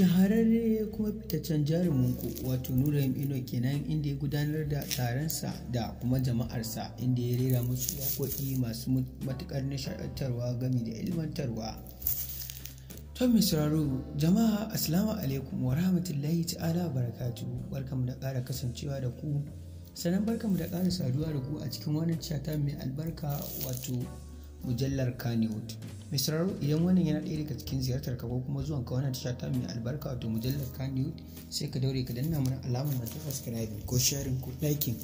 shahararre kuma fitaccen jarumin ku wato nura ino kenan inda ya gudanar da taronsa da kuma jama'arsa inda ya rera musu waƙoƙi masu matuƙar nishaɗantarwa gami da ilmantarwa to mai jama'a assalamu alaikum wa rahmatullahi ta'ala barakatu barkamu da ƙara kasancewa da ku sannan barkamu da ƙara saduwa da ku a cikin wannan cata mai albarka wato mujallar kanewood Mai idan wannan yana ɗaya daga cikin ziyartar ka ko kuma zuwan ka wannan tasha ta mai albarka wato mujallar kanewood sai ka daure ka danna mana alamar na ta subscribe ko sharing ko liking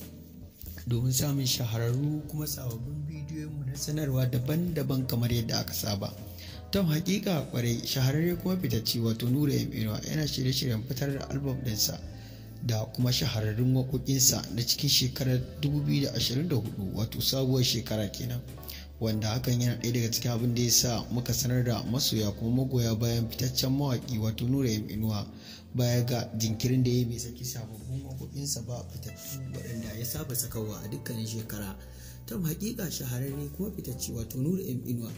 domin samun shahararru kuma sababbin bidiyon mu na sanarwa daban-daban kamar yadda aka saba. Tom hakika kwarai shahararre kuma fitacci wato Nura Yaminuwa yana shirye-shiryen fitar da albam ɗinsa. da kuma shahararrun waƙoƙinsa na cikin shekarar 2024 wato sabuwar shekara kenan. wanda hakan yana ɗaya daga cikin abin da ya sa muka sanar da masoya kuma magoya bayan fitaccen mawaƙi wato nura yam inuwa baya ga jinkirin da ya mai saki sababbin waƙoƙinsa ba fitattu waɗanda ya saba sakawa a dukkanin shekara tam haƙiƙa shahararre kuma fitacce wato nura yam inuwa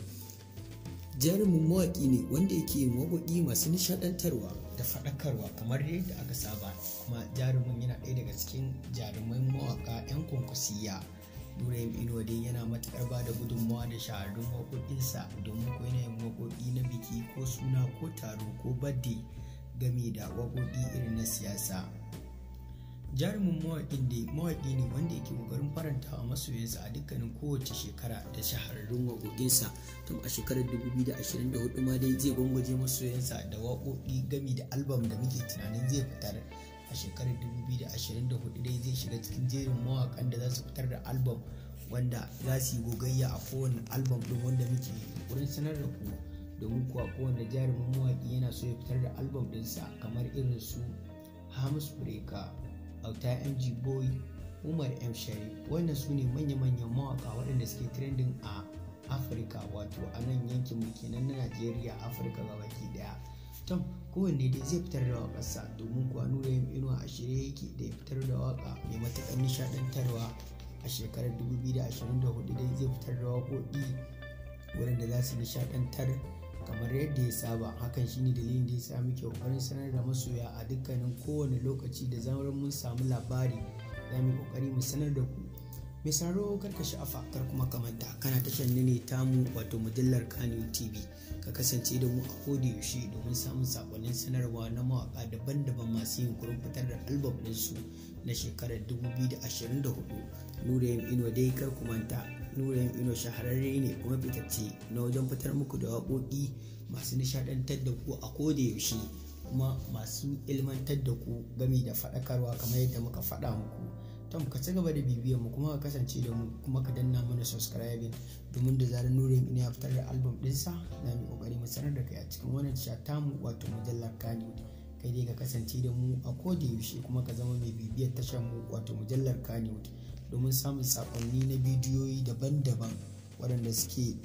jarumin mawaƙi ne wanda yake yin waƙoƙi masu nishaɗantarwa da faɗakarwa kamar yadda aka saba kuma jarumin yana ɗaya daga cikin jarumin mawaƙa 'yan kwankwasiya yin ino dai yana matukar ba da gudunmawa da shahararrun waƙoƙinsa domin ko yana yin waƙoƙi na biki ko suna ko taro ko badde game da waƙoƙi irin na siyasa. Jarumin mawaƙin da mawaƙi ne wanda yake ƙoƙarin faranta wa masoyansa a dukkanin kowace shekara da shahararrun waƙoƙinsa tun a shekarar 2024 ma dai zai gwangwaje masoyansa da waƙoƙi gami da albam da muke tunanin zai fitar a shekarar 2024 dai zai shiga cikin jerin mawakan da za su fitar da album wanda za su yi gogayya a kowane album ɗin wanda muke wurin sanar da ku domin kuwa kowane jarumin mawaki yana so ya fitar da album dinsa kamar irin su hamus breaker auta mg boy umar m sharif wannan su ne manya-manyan mawaka waɗanda suke trending a afirka wato a nan yankin mu kenan na najeriya afirka gabaki daya tom kowanne dai zai fitar da waƙarsa domin kuwa nura yin inuwa a shirye yake da ya fitar da waƙa mai matuƙar nishaɗantarwa a shekarar 2024 dai zai fitar da waƙoƙi da za su nishaɗantar kamar yadda ya saba hakan shine dalilin da ya sa muke ƙoƙarin sanar da masoya a dukkanin kowane lokaci da zarar mun samu labari za mu ƙoƙari mu sanar da ku mai saro karka sha'afa kar kuma kamanta kana tashar ne tamu wato mujallar kanu tv ka kasance da mu a koda yaushe domin samun sakonnin sanarwa na mawaka daban-daban masu yin kurin fitar da albabinsu ɗinsu na shekarar 2024 nura yin ino dai kar ku manta yin ino shahararre ne kuma fitacce na wajen fitar muku da waƙoƙi masu nishadantar da ku a koda yaushe kuma masu ilmantar da ku gami da faɗakarwa kamar yadda muka faɗa muku tom ka ci gaba da bibiyar mu kuma ka kasance da mu kuma ka danna mana subscribing domin da zarar nurin ina ya fitar da album sa na mu kokari mu sanar da kai a cikin wannan tasha mu wato mujallar kani kai dai ka kasance da mu a koda yaushe kuma ka zama mai bibiyar tashar mu wato mujallar kani domin samun sakonni na bidiyoyi daban-daban waɗanda suke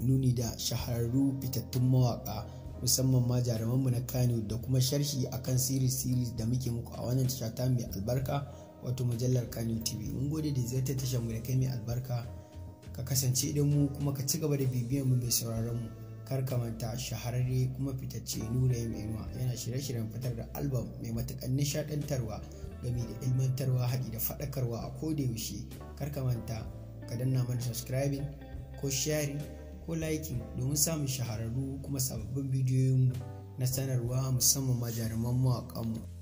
nuni da shahararru fitattun mawaƙa musamman ma jarumanmu na kano da kuma sharshi akan series series da muke muku a wannan tashata mai albarka wato mujallar kanu tv mun gode da ta tashar mu da kai mai albarka ka kasance idan mu kuma ka ci gaba da bibiyan mu mai sauraron mu kar ka manta shahararre kuma fitacce nura ya inuwa yana shirye-shiryen fitar da albam mai matukan nishadantarwa game da ilmantarwa haɗi da faɗakarwa a ko yaushe kar ka manta ka danna mana subscribing ko sharing ko liking domin samun shahararru kuma sababbin mu na sanarwa musamman ma jaruman kanmu.